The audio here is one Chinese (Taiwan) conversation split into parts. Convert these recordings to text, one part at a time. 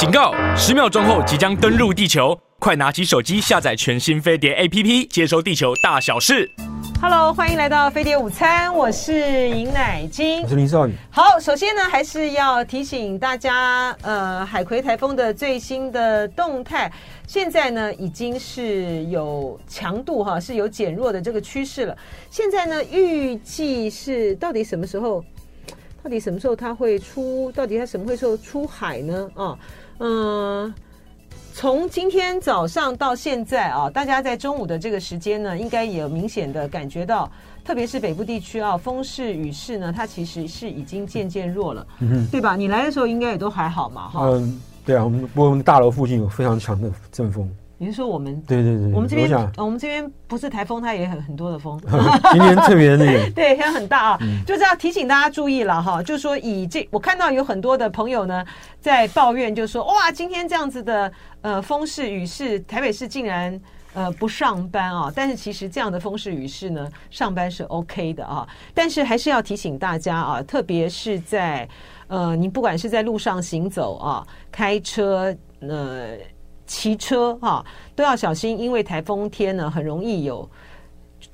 警告！十秒鐘後即將登入地球，快拿起手機下載全新飛碟 APP，接收地球大小事。Hello，歡迎來到飛碟午餐，我是尹乃菁，我是林少予。好，首先呢，還是要提醒大家，呃，海葵颱風的最新的動態，現在呢，已經是有強度哈，是有減弱的這個趨勢了。現在呢，預計是到底什麼時候，到底什麼時候它會出？到底它什麼會時候出海呢？啊、哦？嗯，從今天早上到現在啊，大家在中午的這個時間呢，應該也明顯的感覺到，特別是北部地區啊，風勢雨勢呢，它其實是已經漸漸弱了，嗯、對吧？你來的時候應該也都還好嘛，哈。嗯，對啊，我們我們大樓附近有非常強的陣風。比如說我們對對對，我們這邊我，、哦、我們這邊不是颱風，它也很很多的風， 今天特別那個對，天很大啊、哦嗯，就是要提醒大家注意了哈、哦。就是說以這，我看到有很多的朋友呢在抱怨就，就是說哇，今天這樣子的呃風勢雨勢，台北市竟然呃不上班啊、哦。但是其實這樣的風勢雨勢呢，上班是 OK 的啊、哦。但是還是要提醒大家啊，特別是在呃，你不管是在路上行走啊，開車呃。騎車哈、啊、都要小心，因為颱風天呢，很容易有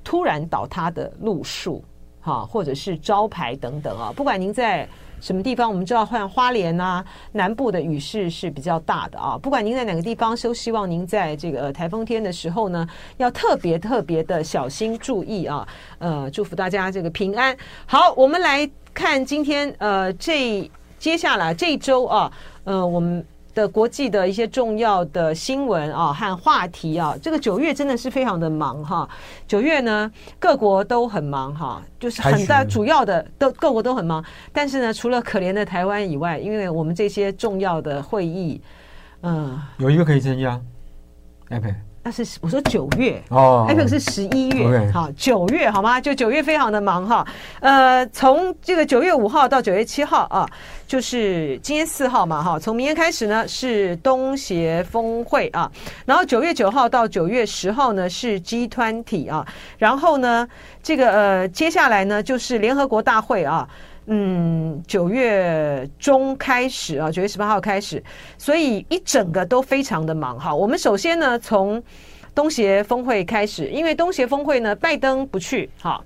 突然倒塌的路樹，哈、啊，或者是招牌等等啊。不管您在什麼地方，我們知道像花蓮啊、南部的雨勢是比較大的啊。不管您在哪個地方，都希望您在這個颱風天的時候呢，要特別特別的小心注意啊。呃，祝福大家這個平安。好，我們來看今天呃這接下來這周啊，呃我們。的國際的一些重要的新聞啊和話題啊，這個九月真的是非常的忙哈。九月呢，各國都很忙哈，就是很大主要的都各國都很忙。但是呢，除了可憐的台灣以外，因為我們這些重要的會議，嗯，有一個可以參加，哎那、啊、是我說九月哦 a p p 是十一月，好，九月好嗎？就九月非常的忙哈，呃，從這個九月五號到九月七號啊，就是今天四號嘛哈，從明天開始呢是東協峰會啊，然後九月九號到九月十號呢是 g 團體啊，然後呢這個呃接下來呢就是聯合國大會啊。嗯，九月中開始啊，九月十八號開始，所以一整個都非常的忙哈。我們首先呢，從東協峰會開始，因為東協峰會呢，拜登不去哈。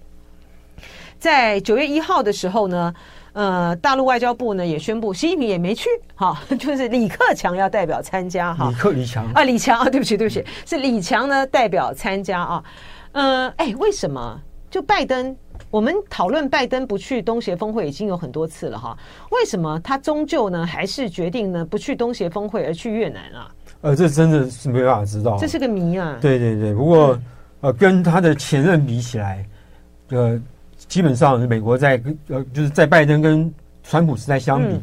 在九月一號的時候呢，呃，大陸外交部呢也宣布，習近平也沒去哈，就是李克強要代表參加哈。李克李強啊，李強啊，對不起，對不起，是李強呢代表參加啊。嗯、呃，哎、欸，為什麼？就拜登。我們討論拜登不去東協峰會已經有很多次了哈，為什麼他終究呢還是決定呢不去東協峰會而去越南啊？呃，這真的是沒辦法知道，這是個謎啊。對對對，不過、嗯、呃，跟他的前任比起來，呃，基本上美國在呃就是在拜登跟川普時代相比、嗯，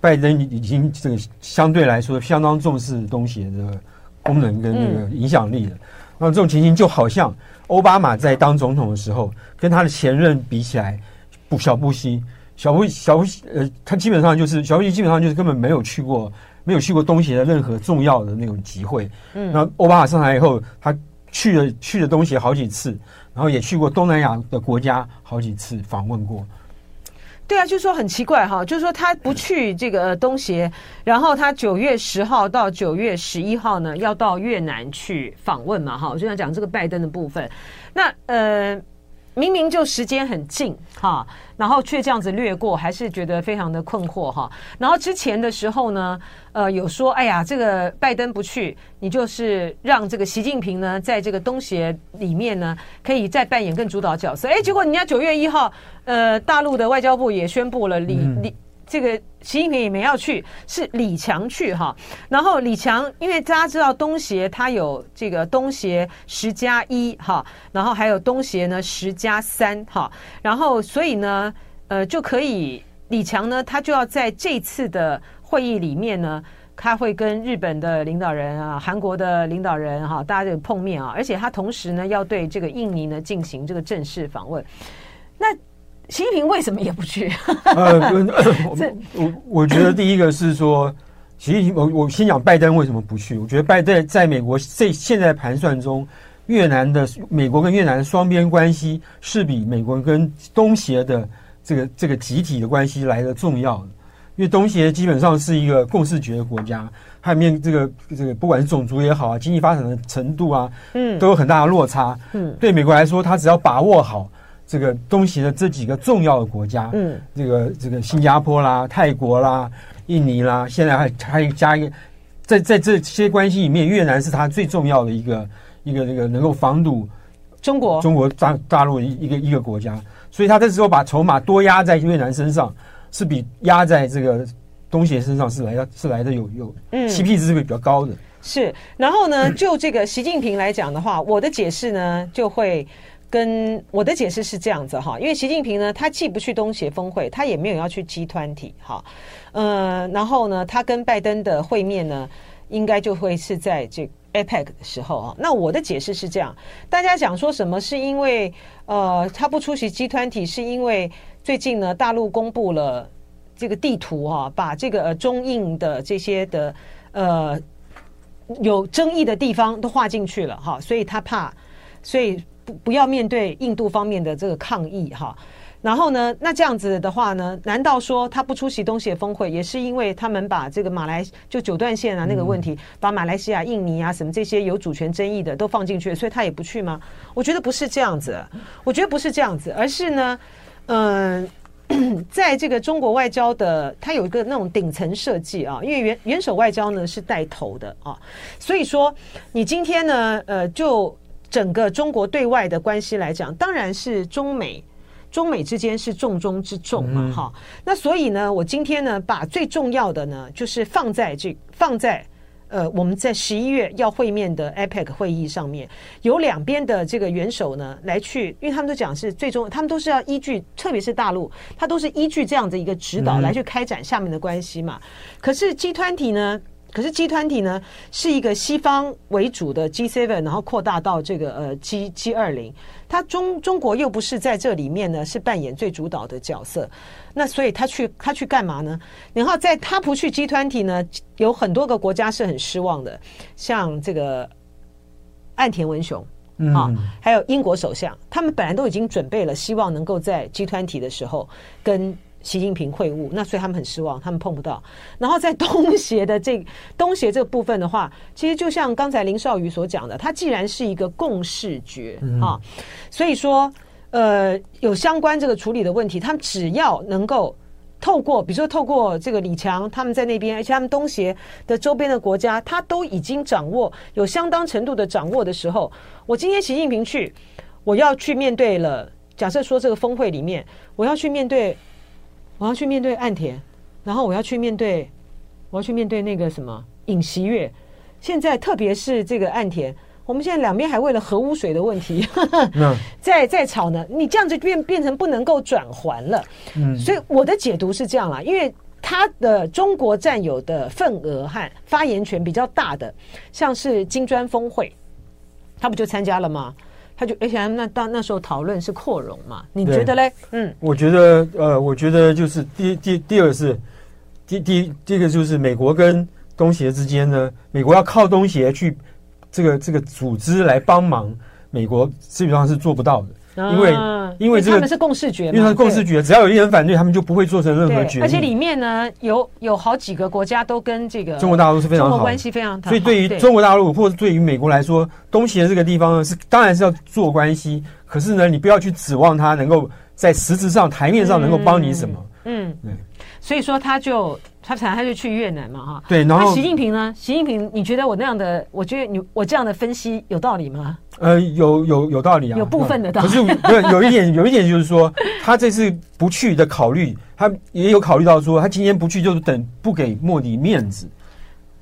拜登已經這個相對來說相當重視東協的功能跟那個影響力的、嗯。那這種情形就好像。奧巴馬在當總統的時候，跟他的前任比起來，不，小布希、小布希、小布希呃，他基本上就是小布希基本上就是根本沒有去過，沒有去過東協的任何重要的那種集會。嗯，那奧巴馬上台以後，他去了，去了東協好幾次，然後也去過東南亞的國家好幾次訪問過。對啊，就是說很奇怪哈，就是說他不去這個、呃、東協，然後他九月十號到九月十一號呢，要到越南去訪問嘛哈，就想講這個拜登的部分，那呃。明明就時間很近哈，然後卻這樣子略過，還是覺得非常的困惑哈。然後之前的時候呢，呃，有說哎呀，這個拜登不去，你就是讓這個習近平呢，在這個東協裡面呢，可以再扮演更主導角色。哎、欸，結果人家九月一號，呃，大陸的外交部也宣佈了，李、嗯、李。這個習近平也沒要去，是李強去哈。然後李強，因為大家知道東協他有這個東協十加一哈，然後還有東協呢十加三哈，然後所以呢，呃，就可以李強呢，他就要在這次的會議裡面呢，他會跟日本的領導人啊、韓國的領導人哈、啊，大家就碰面啊，而且他同時呢要對這個印尼呢進行這個正式訪問。那。習近平為什麼也不去？ 呃，呃，呃，我我覺得第一個是說，習近平，我我先講拜登為什麼不去。我覺得拜登在美國這現在盤算中，越南的美國跟越南雙邊關係是比美國跟東協的這個這個集體，體的關係來得重要的。因為東協基本上是一個共識決國家，它裡面這個這個不管是種族也好啊，經濟發展的程度啊，嗯，都有很大的落差。嗯，嗯對美國來說，他只要把握好。這個東協的這幾個重要的國家，嗯，這個這個新加坡啦、泰國啦、印尼啦，現在還還加一個在在這些關係裡面，越南是他最重要的一個一個這個能夠防堵中國中國大大陸一一個一個國家，所以他這時候把籌碼多壓在越南身上，是比壓在這個東協身上是來的是來的有有嗯，CP 值，是會比較高的，嗯。是，然後呢，嗯，就這個習近平來講的話，我的解釋呢就會。跟我的解釋是這樣子哈，因為習近平呢，他既不去東協峰會，他也沒有要去 G20 哈。呃，然後呢，他跟拜登的會面呢，應該就會是在這個 APEC 的時候啊。那我的解釋是這樣，大家講說什麼是因為呃，他不出席 G20，是因為最近呢，大陸公布了這個地圖哈，把這個中印的這些的呃有爭議的地方都劃進去了哈，所以他怕，所以。不，不要面對印度方面的這個抗議哈。然後呢，那這樣子的話呢，難道說他不出席東協峰會，也是因為他們把這個馬來就九段線啊那個問題，把馬來西亞、印尼啊什麼這些有主權爭議的都放進去，所以他也不去嗎？我覺得不是這樣子，我覺得不是這樣子，而是呢，嗯，在這個中國外交的，它有一個那種頂層設計啊，因為元元首外交呢是帶頭的啊，所以說你今天呢，呃，就。整個中國對外的關係來講，當然是中美中美之間是重中之重嘛，哈、嗯。那所以呢，我今天呢，把最重要的呢，就是放在這，放在呃，我們在十一月要會面的 APEC 會議上面，有兩邊的這個元首呢來去，因為他們都講是最終，他們都是要依據，特別是大陸，他都是依據這樣的一個指導來去開展下面的關係嘛。嗯、可是 G20 呢？可是 g 團體呢，是一個西方為主的 G Seven，然後擴大到這個呃 G G 二零，他中中國又不是在這裡面呢，是扮演最主導的角色。那所以他去他去幹嘛呢？然後在他不去 G 團體呢，有很多個國家是很失望的，像這個岸田文雄啊，還有英國首相，他們本來都已經準備了，希望能夠在 G 團體的時候跟。習近平會晤，那所以他們很失望，他們碰不到。然後在東協的這東協這個部分的話，其實就像剛才林少予所講的，他既然是一個共識決、嗯、啊，所以說呃有相關這個處理的問題，他們只要能夠透過，比如說透過這個李強他們在那邊，而且他們東協的周邊的國家，他都已經掌握有相當程度的掌握的時候，我今天習近平去，我要去面對了。假設說這個峰會裡面，我要去面對。我要去面對岸田，然後我要去面對，我要去面對那個什麼尹錫悅。現在特別是這個岸田，我們現在兩邊還為了核污水的問題呵呵、嗯、在在吵呢。你這樣子變變成不能夠轉圜了，嗯，所以我的解讀是這樣啦。因為他的中國佔有的份額和發言權比較大的，像是金磚峰會，他不就參加了嗎？他就，而且那到那時候討論是擴容嘛。你覺得嘞？嗯，我覺得呃，我覺得就是第第第二是第第第一個就是美國跟東協之間呢，美國要靠東協去這個這個組織來幫忙，美國基本上是做不到的。啊、因為因為這個因為他們是共識決，因為他是共識決，只要有一人反對，他們就不會做成任何決議。而且裡面呢，有有好幾個國家都跟這個中國大陸是非常好關係，非常。所以對於中國大陸或者對於美國來說，東協這個地方呢，是當然是要做關係。可是呢，你不要去指望他能夠在實質上、台面上能夠幫你什麼。嗯嗯，所以說他就他才他就去越南嘛哈。對，然後習近平呢？習近平，你覺得我那樣的，我覺得你我這樣的分析有道理嗎？呃，有有有道理啊，有部分的道理，嗯。可是，不，有一點，有一點就是說， 他這次不去的考慮，他也有考慮到說，他今天不去就是等不給莫迪面子。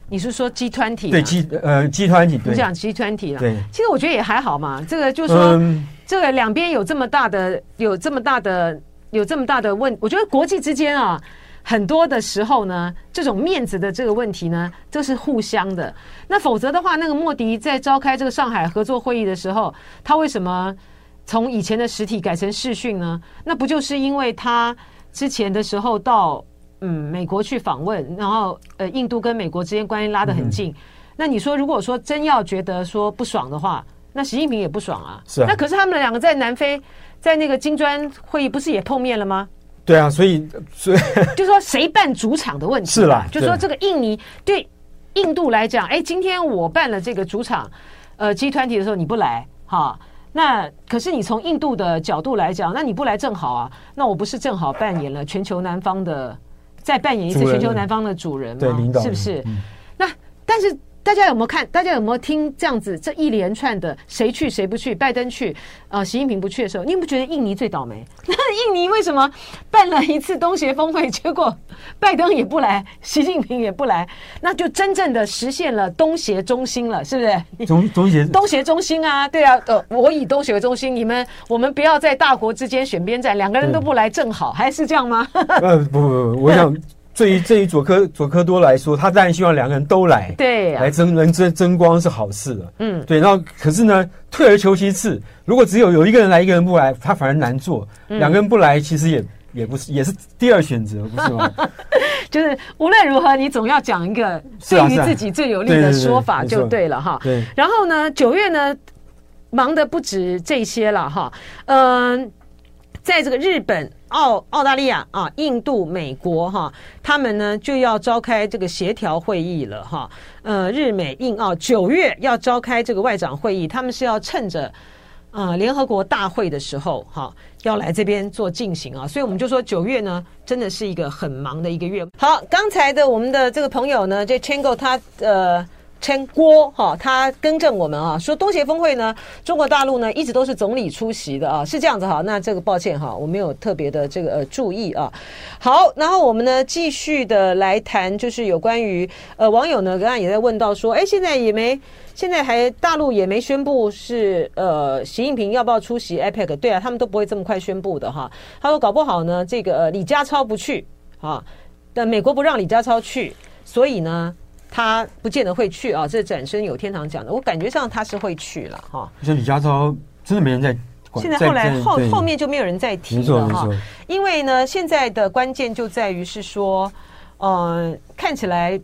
你是說 G20？對，G 呃，G20。e n 我講 G20 了。對，其實我覺得也還好嘛。這個就是說，嗯，這個兩邊有這麼大的，有這麼大的，有這麼大的問，我覺得國際之間啊。很多的時候呢，這種面子的這個問題呢，這是互相的。那否則的話，那個莫迪在召開這個上海合作會議的時候，他為什麼從以前的實體改成視訊呢？那不就是因為他之前的時候到嗯美國去訪問，然後呃印度跟美國之間關係拉得很近。嗯嗯，那你說如果說真要覺得說不爽的話，那習近平也不爽啊。是啊。那可是他們兩個在南非在那個金磚會議不是也碰面了嗎？對啊，所以所以 就是說誰辦主場的問題，啊、是啦，就是，說這個印尼對印度來講，哎、欸，今天我辦了這個主場，呃，G20 的時候你不來哈，那可是你從印度的角度來講，那你不來正好啊，那我不是正好扮演了全球南方的，啊、再扮演一次全球南方的主人嗎？人對，領導是不是？嗯、那但是。大家有沒有看？大家有沒有聽？這樣子，這一連串的誰去誰不去，拜登去，呃，習近平不去的時候，你有沒有覺得印尼最倒霉？那印尼為什麼辦了一次東協峰會，結果拜登也不來，習近平也不來，那就真正的實現了東協中心了，是不是？中中東協東協中心啊，對啊，呃，我以東協為中心，你們我們不要在大國之間選邊站，兩個人都不來，正好，還是這樣嗎？ 呃，不不不，我想。 對於對於佐科佐科多來說，他當然希望兩個人都來，對、啊，來爭人爭爭光是好事的，嗯，對。然後可是呢，退而求其次，如果只有有一個人來，一個人不來，他反而難做；兩、嗯、個人不來，其實也也不是，也是第二選擇， 不是嗎？就是無論如何，你總要講一個對於自己最有利的說法就對了哈、啊啊。對、對、對、對，然後呢，九月呢，忙得不止這些了哈。嗯、呃，在這個日本、澳澳大利亞啊，印度、美國哈，他們呢就要召開這個協調會議了哈。呃，日美印澳九月要召開這個外長會議，他們是要趁着啊聯合國大會的時候哈，要來這邊做進行啊。所以我們就說九月呢，真的是一個很忙的一個月。好，剛才的我們的這個朋友呢，就圈過他呃。簽郭哈，他更正我們啊，說東協峰會呢，中國大陸呢一直都是總理出席的啊，是這樣子哈。那這個抱歉哈，我沒有特別的這個、呃、注意啊。好，然後我們呢繼續的來談，就是有關於呃網友呢，剛剛也在問到說，哎，現在也沒，現在還大陸也沒宣布是呃習近平要不要出席 APEC？對啊，他們都不會這麼快宣布的哈。他說搞不好呢，這個、呃、李家超不去啊，但美國不讓李家超去，所以呢。他不見得會去啊，這展身有天堂講的，我感覺上他是會去了哈。像李家超，真的沒人在，現在後來後後面就沒有人在提了哈。因為呢，現在的關鍵就在於是說，呃，看起來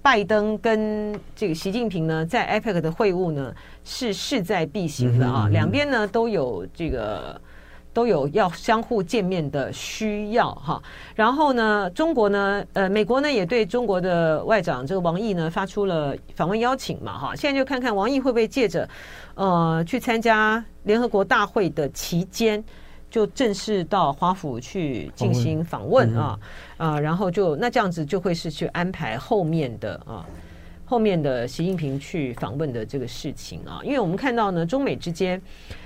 拜登跟這個習近平呢，在 APEC 的會晤呢是勢在必行的啊，兩邊呢都有這個。都有要相互見面的需要哈，然後呢，中國呢，呃，美國呢也對中國的外長這個王毅呢發出了訪問邀請嘛哈，現在就看看王毅會不會借着呃去參加聯合國大會的期間，就正式到華府去進行訪問啊啊，然後就那這樣子就會是去安排後面的啊後面的習近平去訪問的這個事情啊，因為我們看到呢中美之間。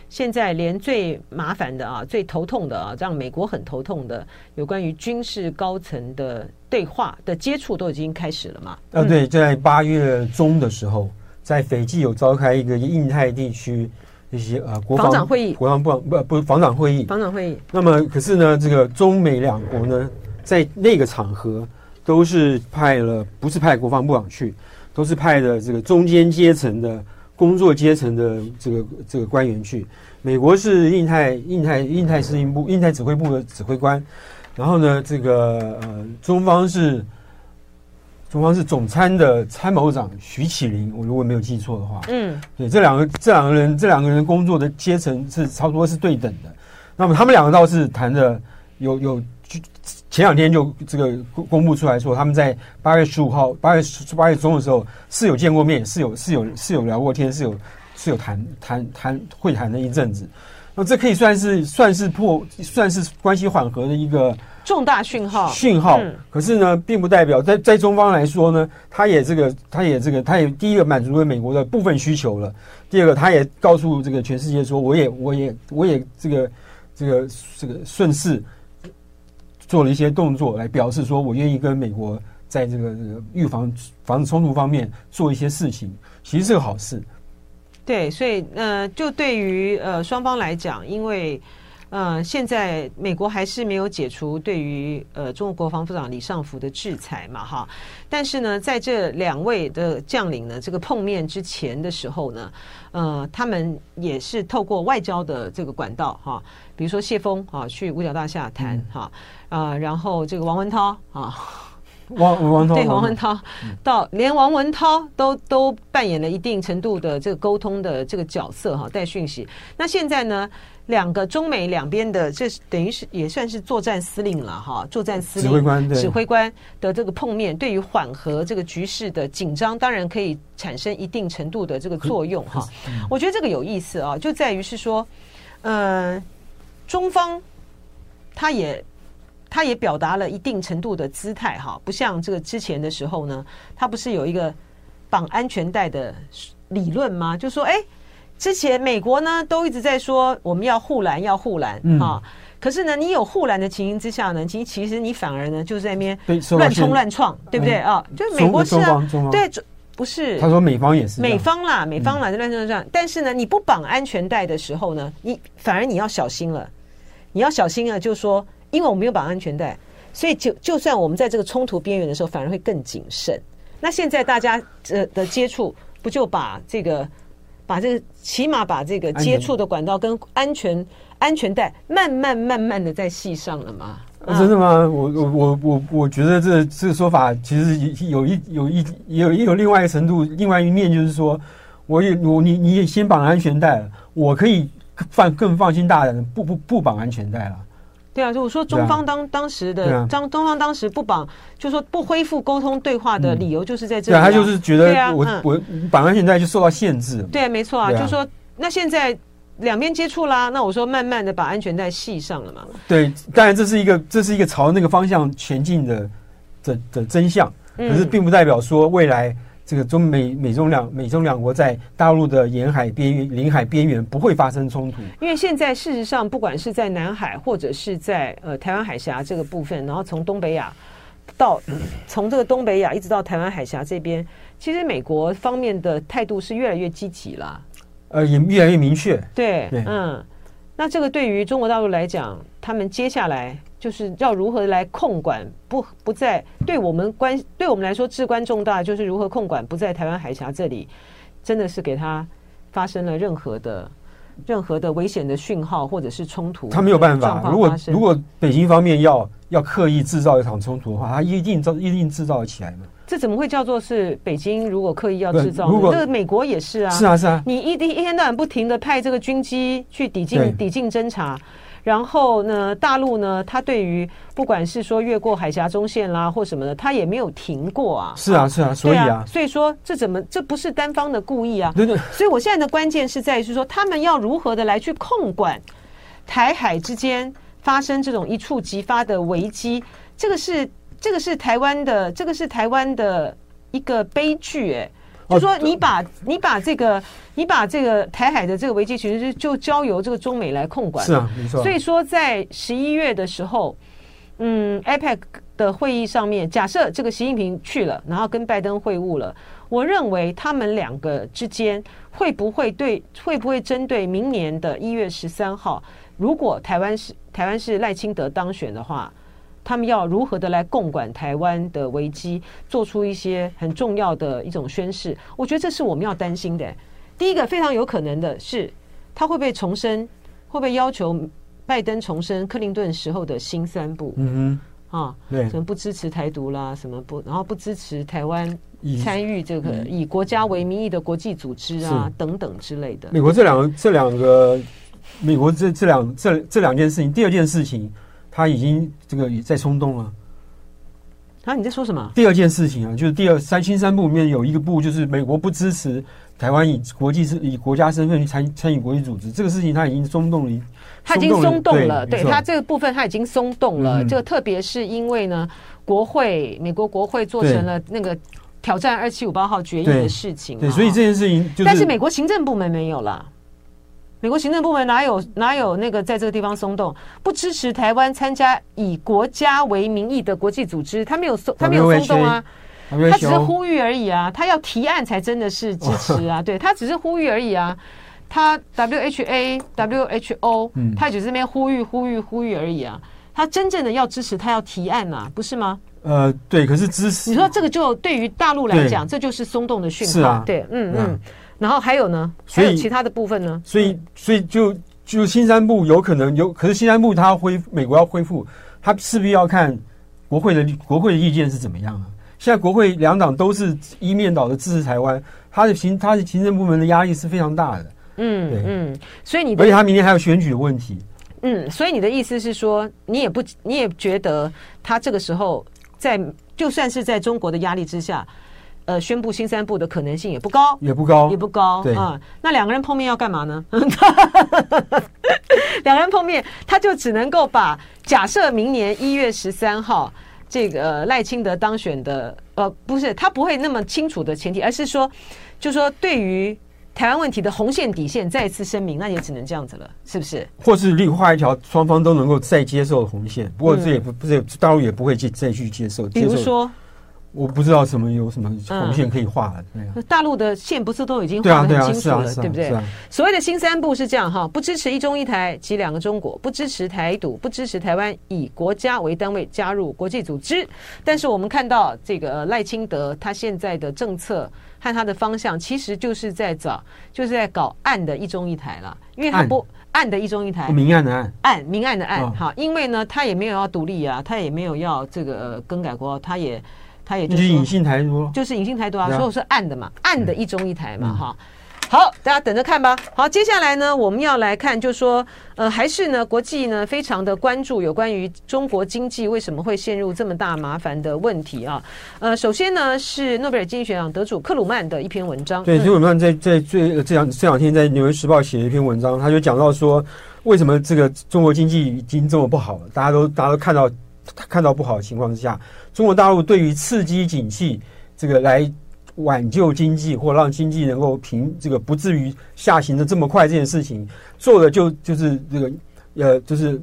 現在連最麻煩的啊，最頭痛的啊，讓美國很頭痛的有關於軍事高層的對話的接觸都已經開始了嘛？啊，對，在八月中的時候，在斐濟有召開一個印太地區一些呃、啊、國防、防長會議，國防部長不不是防長會議，防長會議。那麼，可是呢，這個中美兩國呢，在那個場合都是派了，不是派國防部長去，都是派的這個中間階層的。工作階層的這個這個官員去，美國是印太印太印太司令部、印太指揮部的指揮官，然後呢，這個呃中方是中方是總參的參謀長徐啟林。我如果沒有記錯的話，嗯，對，這兩個這兩個人這兩個人工作的階層是差不多是對等的，那麼他們兩個倒是談的有有。前兩天就這個公布出來，說他們在八月十五號、八月八月中的時候是有見過面，是有是有是有聊過天，是有是有談談談會談了一陣子。那這可以算是算是破算是關係緩和的一個重大訊號。訊號，可是呢，並不代表在在中方來說呢，他也這個他也這個他也第一個滿足了美國的部分需求了，第二個他也告訴這個全世界說，我也我也我也這個這個這個，這個順勢。做了一些動作來表示說，我願意跟美國在這個預防防止衝突方面做一些事情，其實是個好事。對，所以呃，就對於呃雙方來講，因為，呃，現在美國還是沒有解除對於呃中國國防部長李尚福的制裁嘛，哈。但是呢，在這兩位的將領呢，這個碰面之前的時候呢，呃，他們也是透過外交的這個管道哈，比如說謝峰啊去五角大廈談、嗯、哈啊、呃，然後這個王文濤啊，王王對王文濤， 王文濤，王文濤到連王文濤都、嗯、都，都扮演了一定程度的這個溝通的這個角色哈，帶訊息。那現在呢？兩個中美兩邊的，這是等於是也算是作戰司令了哈，作戰司令指揮官，指揮官的這個碰面，對於緩和這個局勢的緊張，當然可以產生一定程度的這個作用哈。我覺得這個有意思啊，就在於是說，嗯、呃，中方他也他也表達了一定程度的姿態哈，不像這個之前的時候呢，他不是有一個綁安全帶的理論嗎？就說哎。欸之前美國呢都一直在說，我們要護欄，要護欄、嗯、啊！可是呢，你有護欄的情形之下呢，其實其實你反而呢就是、在那邊亂衝亂撞，對不對啊、嗯哦？就美國是、啊，對，不是？他說美方也是美方啦，美方啦就亂撞亂撞。但是呢，你不綁安全帶的時候呢，你反而你要小心了，你要小心啊！就說，因為我們沒有綁安全帶，所以就就算我們在這個衝突邊緣的時候，反而會更謹慎。那現在大家呃的接觸，不就把這個？把這個，起碼把這個接觸的管道跟安全安全帶慢慢慢慢的再繫上了嘛、啊？真的嗎？我我我我，我覺得這這個說法其實有一有一有一有另外一個程度，另外一面就是說，我也我你你也先綁安全帶了，我可以放更放心大膽不不不綁安全帶了。對啊，就我說中方當當時的張、啊、中，中方當時不綁，就說不恢復溝通對話的理由就是在這裡、啊嗯啊。他就是覺得我、啊嗯，我我綁安全帶就受到限制。對、啊，沒錯啊，啊就說那現在兩邊接觸啦，那我說慢慢的把安全帶繫上了嘛。對，當然這是一個這是一個朝那個方向前進的的的真相，可是並不代表說未來。這個中美美中兩美中兩國在大陸的沿海邊緣、臨海邊緣不會發生衝突，因為現在事實上，不管是在南海，或者是在呃台灣海峽這個部分，然後從東北亞到從這個東北亞一直到台灣海峽這邊，其實美國方面的態度是越來越積極了，呃，也越來越明確。對，嗯對，那這個對於中國大陸來講，他們接下來。就是要如何來控管不不在對我們關對我們來說至關重大，就是如何控管不在台灣海峽這裡，真的是給他發生了任何的任何的危險的訊號或者是衝突，他沒有辦法啊。如果如果北京方面要要刻意制造一場衝突的話，他一定造一定制造得起來嗎？這怎麼會叫做是北京如果刻意要制造？如果美國也是啊，是啊是啊，你一一天到晚不停地派這個軍機去抵近抵近偵察。然後呢，大陸呢，它對於不管是說越過海峽中線啦，或什麼的，它也沒有停過啊。是啊，啊是啊，所以啊，啊所以說這怎麼這不是單方的故意啊？對對。所以我現在的關鍵是在於是說他們要如何的來去控管台海之間發生這種一觸即發的危機？這個是這個是台灣的，這個是台灣的一個悲劇、欸，哎。就說你把你把這個你把這個台海的這個危機，其實就交由這個中美來控管。是啊，沒錯。所以說，在十一月的時候，嗯，APEC 的會議上面，假設這個習近平去了，然後跟拜登會晤了，我認為他們兩個之間會不會對，會不會針對明年的一月十三號，如果台灣是台灣是賴清德當選的話？他們要如何的來共管台灣的危機，做出一些很重要的一種宣示？我覺得這是我們要擔心的。第一個非常有可能的是，他會不會重申，會不會要求拜登重申克林頓時候的新三不？嗯哼，啊，對，什麼不支持台獨啦，什麼不，然後不支持台灣參與這個以、以國家為名義的國際組織啊，等等之類的。美國這兩個，這兩個，美國這兩這兩這這兩件事情，第二件事情。他已經這個也在松動了啊！你在說什麼？第二件事情啊，就是第二，三不、新三不裡面有一個不，就是美國不支持臺灣以國際是以國家身份去參參與國際組織這個事情，他已經鬆動，鬆動了。他已經鬆動了，對，對他這個部分他已經鬆動了。嗯、這個特別是因為呢，國會美國國會做成了那個挑戰二七五八號決議的事情，啊對。對，所以這件事情，就是，但是美國行政部門沒有了。美國行政部門哪有哪有那個在這個地方鬆動？不支持台灣參加以國家為名義的國際組織，他沒有鬆，他沒有鬆動啊，他只是呼籲而已啊。他要提案才真的是支持啊，哦、呵呵對，他只是呼籲而已啊。他 W H A W H O，嗯，只是這邊呼籲呼籲呼籲而已啊。他真正的要支持，他要提案吶、啊，不是嗎？呃，對，可是支持你說這個就對於大陸來講，這就是鬆動的訊號、啊，對，嗯嗯。嗯然後還有呢？還有其他的部分呢？所以，所以，所以就就新三部有可能有，可是新三部它恢美國要恢復，它勢必要看國會的國會的意見是怎麼樣啊。現在國會兩黨都是一面倒的支持台灣，他的行他的行政部門的壓力是非常大的。嗯，對，嗯，所以你而且他明年還有選舉的問題。嗯，所以你的意思是說，你也不你也覺得他這個時候在就算是在中國的壓力之下。呃，宣布新三不的可能性也不高，也不高，也不高。對啊、嗯，那兩個人碰面要幹嘛呢？ 兩個人碰面，他就只能夠把假設明年一月十三號這個、呃、賴清德當選的，呃，不是，他不會那麼清楚的前提，而是說，就說對於台灣問題的紅線底線再次聲明，那也只能這樣子了，是不是？或是另畫一條雙方都能夠再接受的紅線，不過這也不、嗯、這也不是大陸也不會去再去接受。比如說。我不知道什麼有什麼紅線可以畫的。那、嗯、個、啊、大陸的線不是都已經畫啊對得很清楚了，對、啊對、啊啊啊、對不對、啊啊？所謂的新三不是這樣哈，不支持一中一台及兩個中國，不支持台獨，不支持台灣、持台灣以國家為單位加入國際組織。但是我們看到這個賴清德他現在的政策和他的方向，其實就是在找就是在搞暗的一中一台了，因為他不暗、暗的一中一台，明暗的暗，暗明暗的暗。哈、哦，因為呢，他也沒有要獨立啊，他也沒有要這個更改國他也。它也就是隱性台獨就是隱性台獨啊，所以我是暗的嘛，暗的一中一台嘛，哈，好，好，大家等着看吧。好，接下來呢，我們要來看，就是說，呃，還是呢，國際呢，非常的關注有關於中國經濟為什麼會陷入這麼大麻煩的問題啊。呃，首先呢，是諾貝爾經濟學獎得主克魯曼的一篇文章對在、嗯在。對，克魯曼在在最這，這兩天在《紐約時報》寫了一篇文章，他就講到說，為什麼這個中國經濟已經這麼不好了？大家都大家都看到。他看到不好的情況之下，中國大陸對於刺激景氣，這個來挽救經濟或讓經濟能夠平，這個不至於下行的這麼快這件事情，做的就就是這個，呃，就是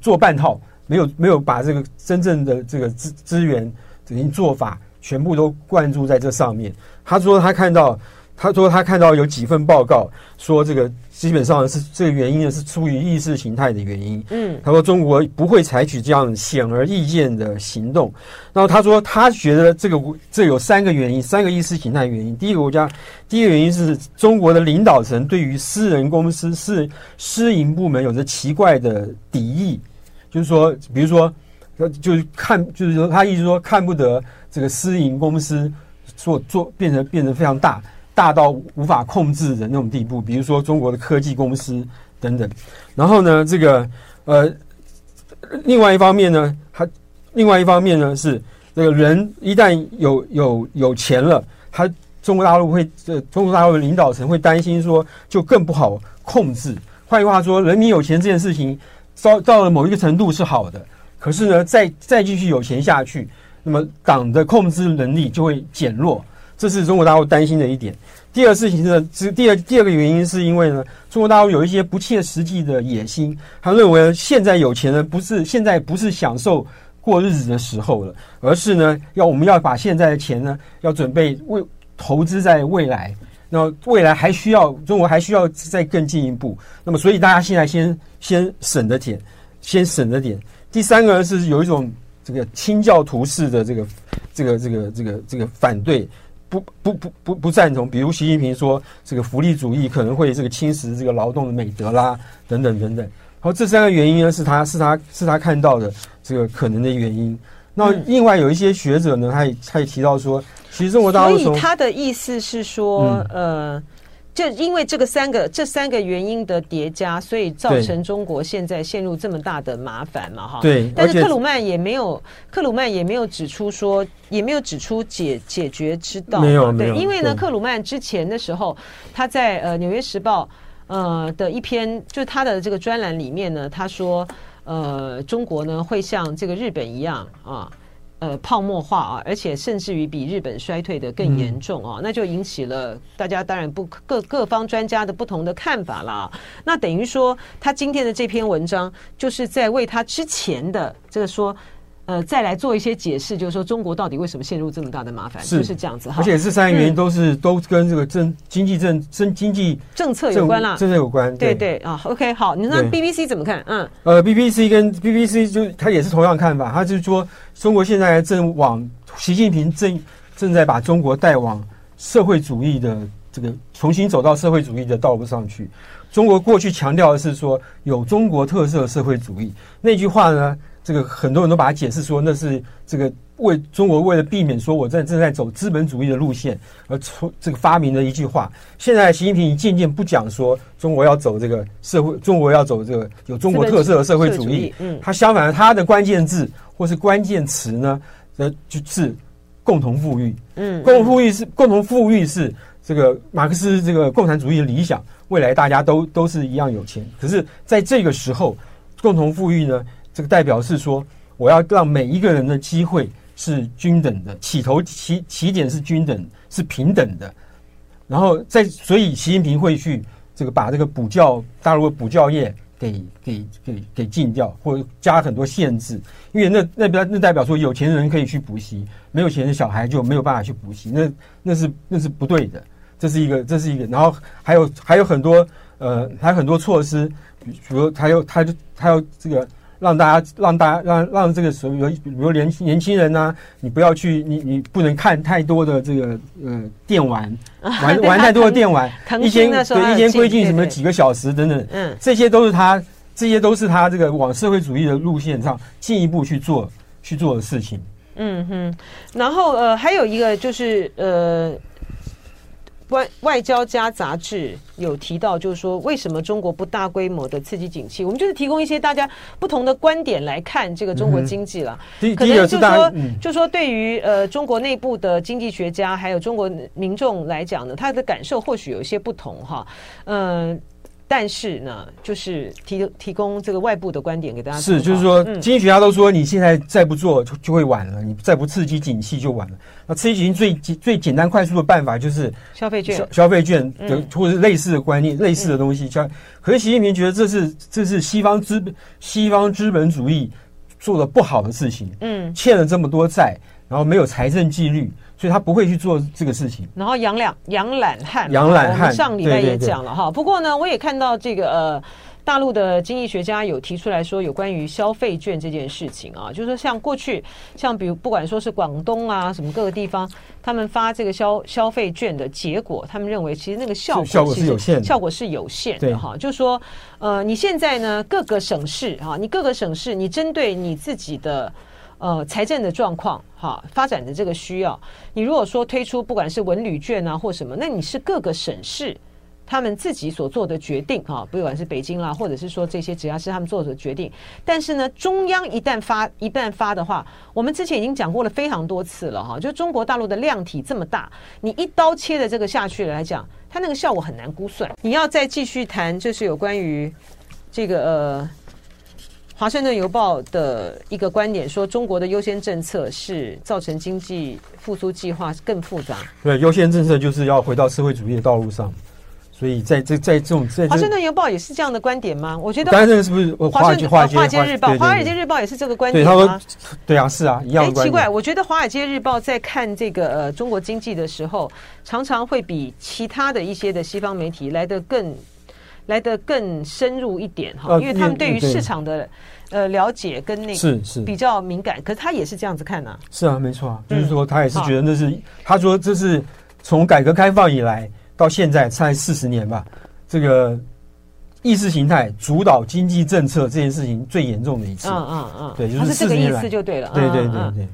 做半套，沒有沒有把這個真正的這個資資源，這個做法全部都灌注在這上面。他說他看到。他說他看到有幾份報告說，這個基本上是這個原因呢，是出於意識形態的原因。嗯，他說中國不會採取這樣顯而易見的行動。然後他說他覺得這個這有三個原因，三個意識形態原因。第一個國家，第一個原因是中國的領導層對於私人公司、私私營部門有着奇怪的敵意，就是說，比如說，他就是看，就是說，他意思說看不得這個私營公司做做變成變成非常大。大到無法控制的那種地步，比如說中國的科技公司等等。然後呢，這個呃，另外一方面呢，還另外一方面呢是，這個人一旦有有有錢了，他中國大陸會、呃，中國大陸的領導層會擔心說，就更不好控制。換句話說，人民有錢這件事情，到到了某一個程度是好的，可是呢，再再繼續有錢下去，那麼黨的控制能力就會減弱。這是中國大陸擔心的一點。第二事情呢，是第二第二個原因，是因為呢，中國大陸有一些不切實際的野心。他認為現在有錢呢，不是現在不是享受過日子的時候了，而是呢，要我們要把現在的錢呢，要準備為投資在未來。那未來還需要中國還需要再更進一步。那麼所以大家現在先先，先省着點，先省着點。第三個呢，是有一種這個清教徒式的這個這個這個這個、這個、這個反對。不不不不不贊同，比如習近平說這個福利主義可能會這個侵蝕這個勞動的美德啦，等等等等。然後這三個原因呢，是他，是他是他是他看到的這個可能的原因。那另外有一些學者呢，他也他也提到說，其實中國大陸，所以他的意思是說，嗯、呃。就因為這個三個這三個原因的疊加，所以造成中國現在陷入這麼大的麻煩嘛，哈。對，但是克魯曼也沒有，克魯曼也沒有指出說，也沒有指出解解決之道。沒有，沒有。對，因為呢，克魯曼之前的時候，他在呃《紐約時報》呃的一篇，就他的這個專欄裡面呢，他說，呃，中國呢會像這個日本一樣啊。呃，泡沫化啊，而且甚至於比日本衰退的更嚴重啊，嗯、那就引起了大家當然不各各方專家的不同的看法啦、啊。那等於說，他今天的這篇文章就是在為他之前的這個說。呃，再來做一些解釋，就是說中國到底為什麼陷入這麼大的麻煩，是不、就是這樣子，好，而且這三個原因都是、嗯、都跟這個經濟政、政經濟政政經濟政策有關啦，政策有關。對對啊，OK，好，你說 BBC 怎麼看？嗯，呃，BBC 跟 BBC 就他也是同樣看法，他就說中國現在正往習近平正正在把中國帶往社會主義的這個重新走到社會主義的道路上去。中國過去強調的是說有中國特色社會主義那句話呢。這個很多人都把它解釋說，那是這個為中國為了避免說我在正，正在走資本主義的路線而出這個發明的一句話。現在習近平已漸漸不講說中國要走這個社會，中國要走這個有中國特色的社會主義。嗯，他相反，他的關鍵字或是關鍵詞呢，那就是共同富裕。嗯，共同富裕是共同富裕是這個馬克思這個共產主義的理想，未來大家都都是一樣有錢。可是在這個時候，共同富裕呢？這個代表是說，我要讓每一個人的機會是均等的，起頭起起點是均等，是平等的。然後在，所以習近平會去這個把這個補教，大陸的補教業給給給給禁掉，或者加很多限制，因為那那邊那代表說，有錢人可以去補習，沒有錢的小孩就沒有辦法去補習，那那是那是不對的，這是一個這是一個。然後還有還有很多呃，還有很多措施，比如說他有他就他有這個。讓大家讓大家讓讓這個時候，比如比如年年輕人呢、啊，你不要去，你你不能看太多的這個呃電玩，玩 玩太多的電玩，啊、一天對一天規定什麼幾個小時等等，嗯、這些都是他這些都是他這個往社會主義的路線上進一步去做去做的事情。嗯哼，然後呃還有一個就是呃。外外交家雜誌有提到，就是說為什麼中國不大規模的刺激景氣？我們就是提供一些大家不同的觀點來看這個中國經濟了。可能就是說，就是說對於呃中國內部的經濟學家還有中國民眾來講呢，他的感受或許有些不同哈。嗯。但是呢，就是提提供這個外部的觀點給大家。是，就是說，經濟學家都說，你現在再不做就就會晚了，嗯，你再不刺激景氣就晚了。那刺激景氣最最簡單快速的辦法就是消費券，消費券的、嗯，或者是類似的觀念、嗯、類似的東西。像，可是習近平覺得這是這是西方資西方資本主義做的不好的事情。嗯，欠了這麼多債，然後沒有財政紀律。所以他不會去做這個事情。然後養兩養懶漢，養懶漢。懶上禮拜也講了哈，對對對。不過呢，我也看到這個呃，大陸的經濟學家有提出來說，有關於消費券這件事情啊，就是說像過去，像比如不管說是廣東啊什麼各個地方，他們發這個消消費券的結果，他們認為其實那個效果，效果是有限的，效果是有限的哈。對，就是說，呃，你現在呢各個省市哈，你各個省市你針對你自己的。呃，財政的狀況哈，發展的這個需要，你如果說推出不管是文旅券啊或什麼，那你是各個省市他們自己所做的決定哈，不管是北京啦，或者是說這些直轄市他們做的決定。但是呢，中央一旦發一旦發的話，我們之前已經講過了非常多次了哈，就中國大陸的量體這麼大，你一刀切的這個下去來講，它那個效果很難估算。你要再繼續談，就是有關於這個呃。華盛頓郵報的一個觀點說，中國的優先政策是造成經濟復甦計劃更複雜。對，優先政策就是要回到社會主義的道路上。所以在這在這種，在華盛頓郵報也是這樣的觀點嗎？我覺得華盛，但是華華爾街日報，華爾街日報也是這個觀點嗎？對呀、啊，是啊，一樣的。哎、欸，奇怪，我覺得華爾街日報在看這個呃中國經濟的時候，常常會比其他的一些的西方媒體來得更，來得更深入一點哈，因為他們對於市場的呃，呃了解跟那個是是比較敏感，可是他也是這樣子看吶、啊，是啊，沒錯啊，就是說他也是覺得那是、嗯、他說這是從改革開放以來到現在才四十年吧，這個意識形態主導經濟政策這件事情最嚴重的一次，嗯嗯嗯，對，就是、他是這個意思就對了，嗯、對，對，對對對對。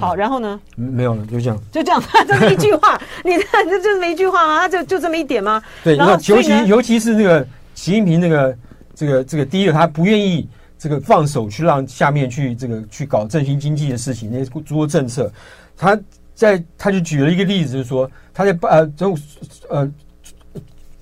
好，然後呢、嗯？沒有了，就這樣，就這樣，他這麼一句話， 你看就這麼一句話嗎？他就就這麼一點嗎？對，然後尤其尤其是那個習近平那個這個這個，這個、第一個他不願意這個放手去讓下面去這個去搞振興經濟的事情，那些諸多政策，他在他就舉了一個例子，就是說他在八、呃、中呃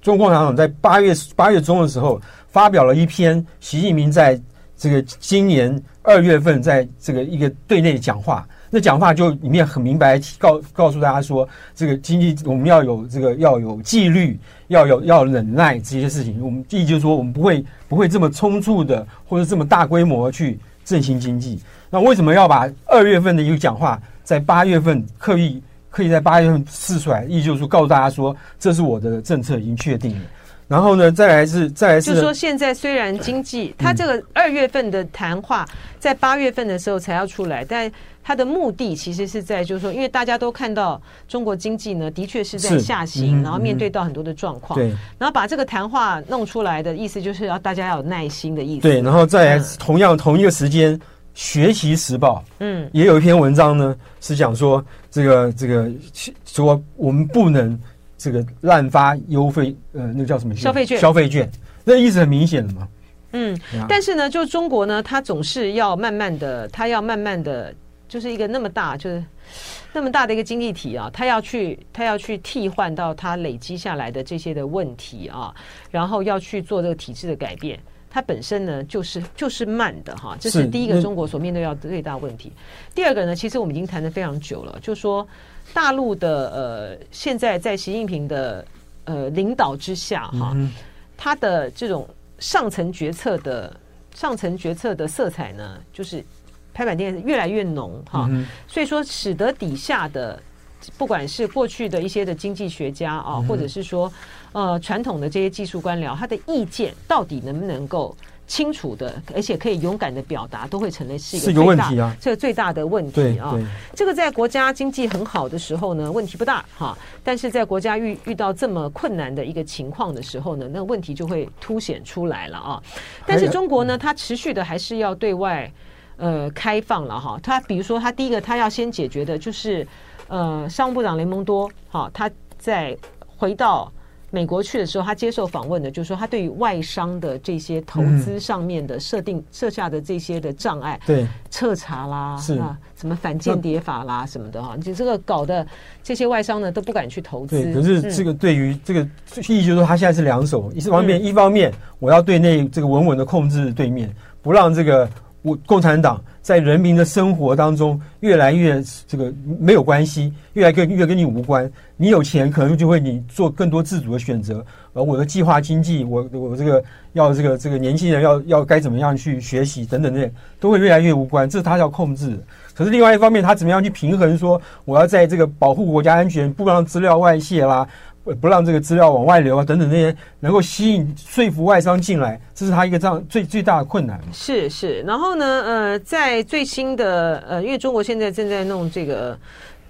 中共黨在八月八月中的時候發表了一篇習近平在這個今年二月份在這個一個對內講話。那講話就裡面很明白，告告訴大家說，這個經濟我們要有這個要有紀律，要有要忍耐這些事情。我們意思就是說，我們不會不會這麼匆促的，或者這麼大規模去振興經濟。那為什麼要把二月份的一個講話在八月份刻意刻意在八月份釋出來？意思就是告訴大家說，這是我的政策已經確定了。然後呢，再來是再來是，就是說現在雖然經濟，它這個二月份的談話，在八月份的時候才要出來，但它的目的其實是在，就是說，因為大家都看到中國經濟呢，的確是在下行，嗯、然後面對到很多的狀況、嗯對，然後把這個談話弄出來的意思，就是要大家要有耐心的意思。對，然後再來，嗯、同樣同一個時間，《學習時報》嗯，也有一篇文章呢，是講說這個這個說我們不能。嗯這個濫發優惠，呃，那個叫什麼？消費券。消費券，那意思很明顯的嘛。嗯，但是呢，就中國呢，它總是要慢慢的，它要慢慢的就是一個那麼大，就是那麼大的一個經濟體啊，它要去，它要去替換到它累積下來的這些的問題啊，然後要去做這個體制的改變。它本身呢，就是就是慢的哈，這是第一個中國所面對要的最大的問題。第二個呢，其實我們已經談得非常久了，就說。大陸的呃，現在在習近平的呃領導之下哈、啊嗯，他的這種上層決策的上層決策的色彩呢，就是拍板電越來越濃哈、啊嗯，所以說使得底下的不管是過去的一些的經濟學家啊，或者是說呃傳統的這些技術官僚，他的意見到底能不能夠？清楚的，而且可以勇敢的表達，都會成為是一個最大問題啊。這個最大的問題啊、哦，這個在國家經濟很好的時候呢，問題不大哈。但是在國家遇遇到這麼困難的一個情況的時候呢，那問題就會凸顯出來了啊。但是中國呢、哎，它持續的還是要對外呃開放了哈。它比如說，它第一個它要先解決的就是呃商務部長雷蒙多哈，他在回到。美國去的時候，他接受訪問的，就是說他對於外商的這些投資上面的設定設下的這些的障礙、嗯，對徹查啦，是啊，什麼反間諜法啦什麼的哈、啊，你這個搞得這些外商呢都不敢去投資。可是這個對於、這個嗯、這個意義就是說他現在是兩手，一方面、嗯、一方面我要對內這個穩穩的控制對面，不讓這個。我共產黨在人民的生活當中越來越這個沒有關係，越來越跟越跟你無關。你有錢可能就會你做更多自主的選擇，而我的計劃經濟，我我這個要這個這個年輕人要要該怎麼樣去學習等等的，都會越來越無關。這是他要控制的。可是另外一方面，他怎麼樣去平衡？說我要在這個保護國家安全，不讓資料外洩啦。不讓這個資料往外流啊，等等那些能夠吸引、說服外商進來，這是他一個這樣最最大的困難。是是，然後呢，呃，在最新的呃，因為中國現在正在弄這個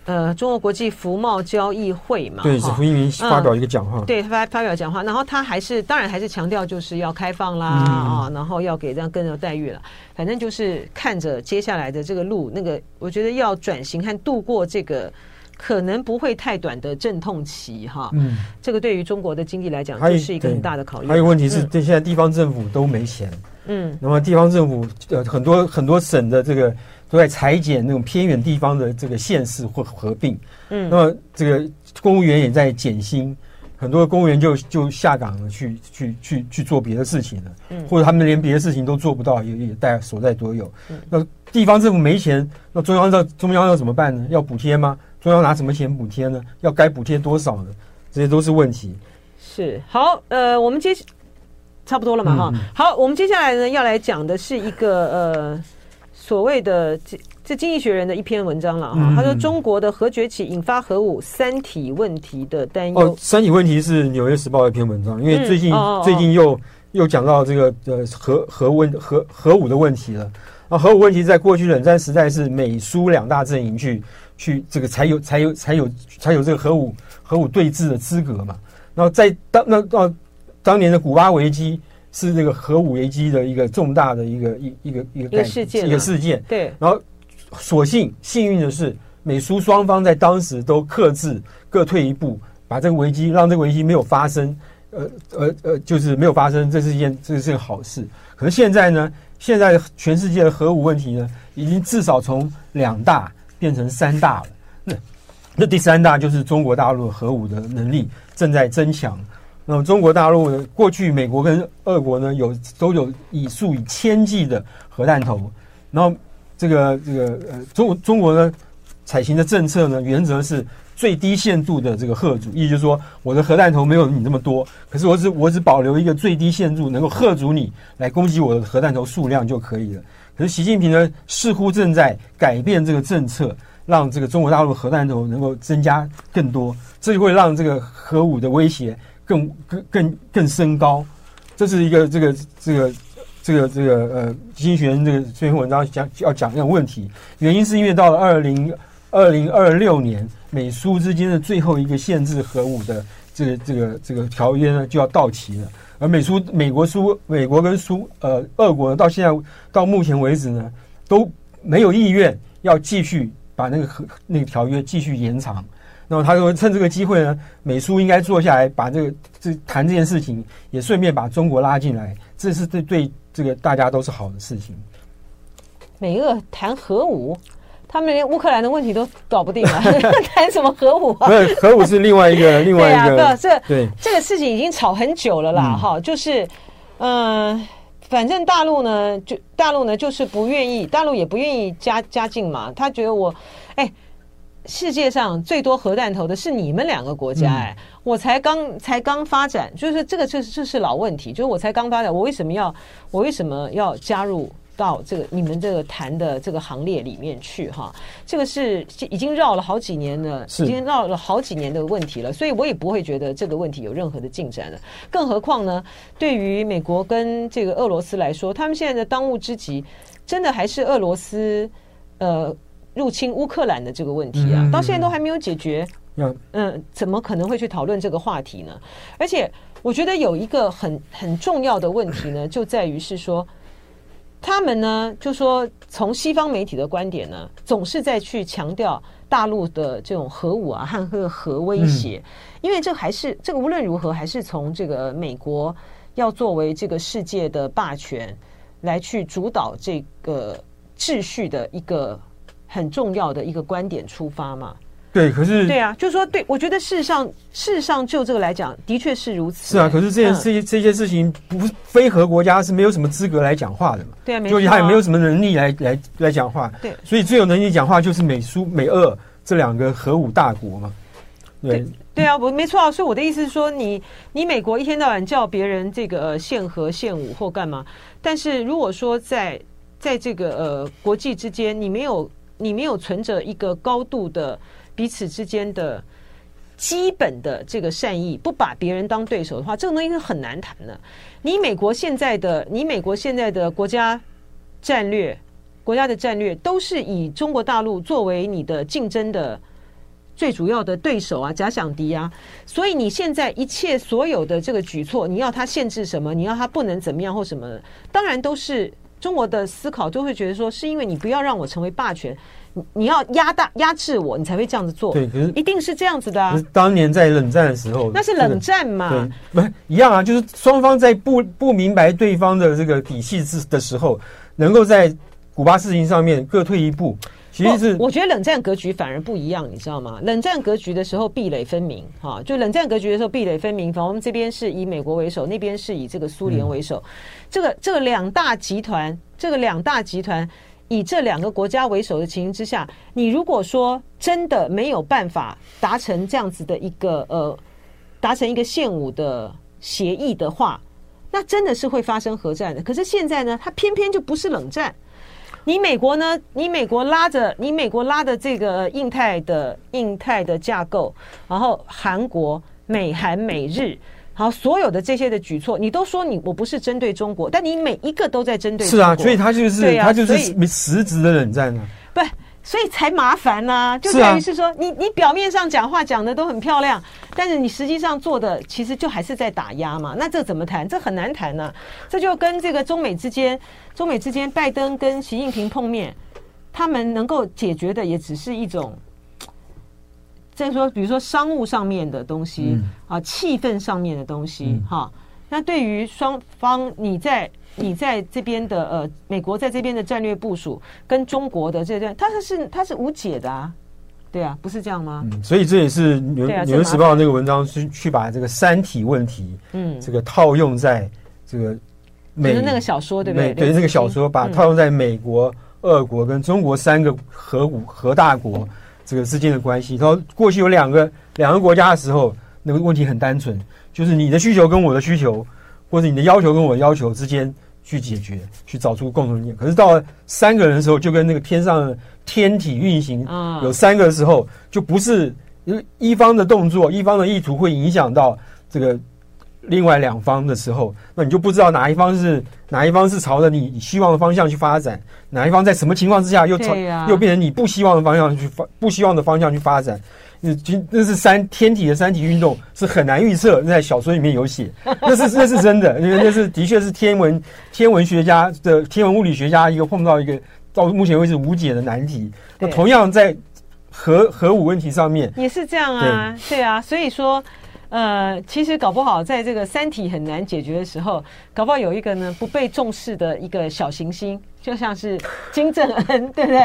呃，中國國際服貿交易會嘛，對，習近平發表一個講話，呃、對他發發表講話，然後他還是當然還是強調就是要開放啦，嗯、啊，然後要給這樣更多待遇了，反正就是看着接下來的這個路，那個我覺得要轉型和度過這個。可能不會太短的陣痛期哈，嗯，這個對於中國的經濟來講，是一個很大的考驗。還有，還有問題是對、嗯、現在地方政府都沒錢，嗯，那麼地方政府呃很多很多省的這個都在裁減那種偏遠地方的這個縣市或合併，嗯，那麼這個公務員也在減薪、嗯，很多公務員就就下崗了去去去去做別的事情了，嗯，或者他們連別的事情都做不到，也也大所在都有、嗯，那地方政府沒錢，那中央要中央要怎麼辦呢？要補貼嗎？中央拿什麼錢補貼呢？要該補貼多少呢？這些都是問題。是，好，呃，我們接差不多了嘛、嗯，哈。好，我們接下來呢要來講的是一個呃所謂的這這這《經濟學人》的一篇文章了哈。他、嗯、說中國的核崛起引發核武三體問題的擔憂。哦，三體問題是《紐約時報》一篇文章，因為最近、嗯、哦哦哦最近又又講到這個呃核核問核核武的問題了。啊，核武問題在過去冷戰時代是美蘇兩大陣營去。去這個才有才有才有才有這個核武核武對峙的資格嘛？然後在當那啊當年的古巴危機是這個核武危機的一個重大的一個一一個一個一個事件，一個事件。對。然後所幸幸運的是，美蘇雙方在當時都克制，各退一步，把這個危機讓這個危機沒有發生。呃呃呃，就是沒有發生，這是一件這是一件好事。可是現在呢？現在全世界的核武問題呢，已經至少從兩大。變成三大了，那那第三大就是中國大陸的核武的能力正在增強。那麼中國大陸，過去美國跟俄國呢，有都有以數以千計的核彈頭，然後這個這個呃，中中國呢採行的政策呢，原則是最低限度的這個嚇阻。意思就是說我的核彈頭沒有你那麼多，可是我只我只保留一個最低限度能夠嚇阻你來攻擊我的核彈頭數量就可以了。可是習近平呢，似乎正在改變這個政策，讓這個中國大陸核彈頭能夠增加更多，這就會讓這個核武的威脅更更更更升高。這是一個這個這個這個這個呃，金學仁這個這篇文章講要講這個問題。原因是因為到了二零二零二六年，美蘇之間的最後一個限制核武的這個這個、這個、這個條約呢，就要到期了。而美蘇、美國蘇、美國跟蘇呃，俄國到現在到目前為止呢，都沒有意願要繼續把那個核那個條約繼續延長。那麼他說，趁這個機會呢，美蘇應該坐下來把這個這談這件事情，也順便把中國拉進來，這是對對這個大家都是好的事情。美俄談核武。他們連烏克蘭的問題都搞不定了， 談 什麼核武啊？ 核武是另外一個，另外一個。 對啊，對啊對。這、這個事情已經吵很久了啦。嗯、哈，就是嗯、呃，反正大陸呢，就大陸呢，就是不願意，大陸也不願意加加進嘛。他覺得我，哎，世界上最多核彈頭的是你們兩個國家、欸，哎、嗯，我才剛才剛發展，就是這個這、就、這、是就是老問題，就是我才剛發展，我為什麼要我為什麼要加入？到這個你們這個談的這個行列裡面去哈，這個是已經繞了好幾年了，已經繞了好幾年的問題了，所以我也不會覺得這個問題有任何的進展了。更何況呢，對於美國跟這個俄羅斯來說，他們現在的當務之急，真的還是俄羅斯呃入侵烏克蘭的這個問題啊，到現在都還沒有解決。嗯，怎麼可能會去討論這個話題呢？而且我覺得有一個很很重要的問題呢，就在於是說。他們呢，就說，從西方媒體的觀點呢，總是在去強調大陸的這種核武啊和核威脅，嗯，因為這還是這個無論如何還是從這個美國要作為這個世界的霸權來去主導這個秩序的一個很重要的一個觀點出發嘛。對，可是對啊，就是說，對，我覺得事實上，事實上就這個來講，的確是如此。是啊，可是這些這些、嗯、這些事情不，不非核國家是沒有什麼資格來講話的嘛。對啊，就他也沒有什麼能力來來來講話。對，所以最有能力講話就是美蘇美俄，美俄這兩個核武大國嘛。對對，對啊，我、嗯、沒錯啊、哦。所以我的意思是說你，你你美國一天到晚叫別人這個限、呃、核限武或幹嘛，但是如果說在在這個呃國際之間，你沒有你沒有存着一個高度的。彼此之間的基本的這個善意，不把別人當對手的話，這個東西是很難談的。你美國現在的，你美國現在的國家戰略，國家的戰略都是以中國大陸作為你的競爭的最主要的對手啊，假想敵啊。所以你現在一切所有的這個舉措，你要他限制什麼，你要他不能怎麼樣或什麼，當然都是中國的思考都會覺得說，是因為你不要讓我成為霸權。你要壓大壓制我，你才會這樣子做。對，可是一定是這樣子的啊。當年在冷戰的時候，那是冷戰嘛？對，不是一樣啊？就是雙方在不不明白對方的這個底細之的時候，能夠在古巴事情上面各退一步。其實是我覺得冷戰格局反而不一樣，你知道嗎？冷戰格局的時候壁壘分明哈、啊，就冷戰格局的時候壁壘分明，反正我們這邊是以美國為首，那邊是以這個蘇聯為首。這個這個兩大集團，這個兩大集團。以這兩個國家為首的情形之下，你如果說真的沒有辦法達成這樣子的一個呃達成一個限武的協議的話，那真的是會發生核戰的。可是現在呢，它偏偏就不是冷戰。你美國呢，你美國拉着你美國拉着這個印太的印太的架構，然後韓國美韓美日。好，所有的這些的舉措，你都說你我不是針對中國，但你每一個都在針對。是啊，所以他就是、啊、他就是沒實質的冷戰呢。不，所以才麻煩呢、啊，就等於是說你，你、啊、你表面上講話講得都很漂亮，但是你實際上做的其實就還是在打壓嘛。那這怎麼談？這很難談呢、啊。這就跟這個中美之間，中美之間，拜登跟習近平碰面，他們能夠解決的也只是一種。再說，比如說商務上面的東西，嗯、啊，氣氛上面的東西，嗯、哈，那對於雙方，你在你在這邊的呃，美國在這邊的戰略部署，跟中國的這段，它是是它是無解的、啊，對啊，不是這樣嗎？嗯、所以這也是紐《紐約、啊、紐約時報》那個文章是去，去把這個三體問題，嗯，這個套用在這個美、就是、那個小說對不對？對、嗯、那個小說把套用在美國、嗯、俄國跟中國三個核武核大國。嗯這個之間的關係，然後過去有兩個兩個國家的時候，那個問題很單純，就是你的需求跟我的需求，或者你的要求跟我的要求之間去解決，去找出共同點。可是到三個人的時候，就跟那個天上的天體運行，有三個時候，就不是一方的動作，一方的意圖會影響到這個。另外兩方的時候，那你就不知道哪一方是哪一方是朝着你希望的方向去發展，哪一方在什麼情況之下又朝、啊、又變成你不希望的方向去發不希望的方向去發展，你，這那是三天體的三體運動是很難預測，在小說裡面有寫， 那是那是真的，因為那是的確是天文天文學家的天文物理學家一個碰到一個到目前為止無解的難題。那同樣在核核武問題上面也是這樣啊，對，對啊，所以說。呃，其實搞不好，在這個三體很難解決的時候，搞不好有一個呢不被重視的一個小行星，就像是金正恩， 對不對？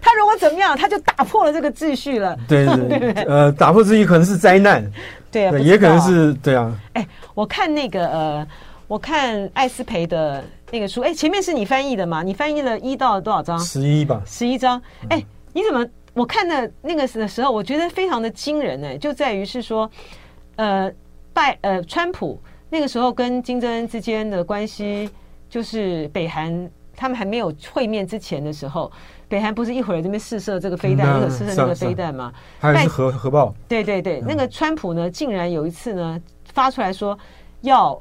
他如果怎麼樣，他就打破了這個秩序了。對對，呵呵對對呃，打破秩序可能是災難，對、啊對啊，也可能是對啊、欸。我看那個呃，我看艾斯培的那個書，哎、欸，前面是你翻譯的嘛？你翻譯了一到多少章？十一吧，十一章。哎、欸，你怎麼我看的那個的時候，我覺得非常的驚人呢、欸？就在於是說。呃，拜，呃，川普那個時候跟金正恩之間的關係，就是北韓他們還沒有會面之前的時候，北韓不是一會兒這邊試射這個飛彈，一會兒試射那個飛彈嘛？還、嗯、有核核爆？對對對、嗯，那個川普呢，竟然有一次呢，發出來說要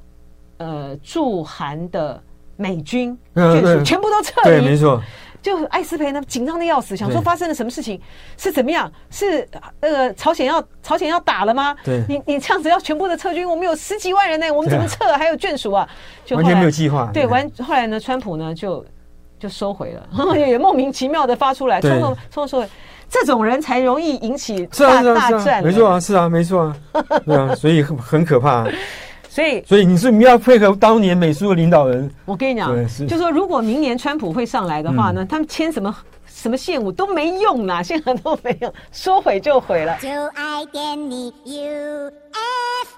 呃駐韓的美軍、嗯、全部都撤離，對，沒錯。就艾斯培呢，緊張的要死，想說發生了什麼事情，是怎麼樣？是那個、呃、朝鮮要朝鮮要打了嗎？對，你你這樣子要全部的撤軍，我們有十幾萬人呢、欸，我們怎麼撤？啊、還有眷屬啊就，完全沒有計劃。對，完後來呢，川普呢就就收回了，也也莫名其妙的發出來，衝動衝動說這種人才容易引起大、啊啊啊、大戰，沒錯啊，是啊，沒錯啊，對啊，所以很很可怕、啊。 所以，所以你是沒有要配合當年美蘇的領導人？我跟你講，就是說，如果明年川普會上來的話呢，嗯、他們簽什麼什麼線武都沒用啦，憲法都沒有，說毀就毀了。就愛給你 UFO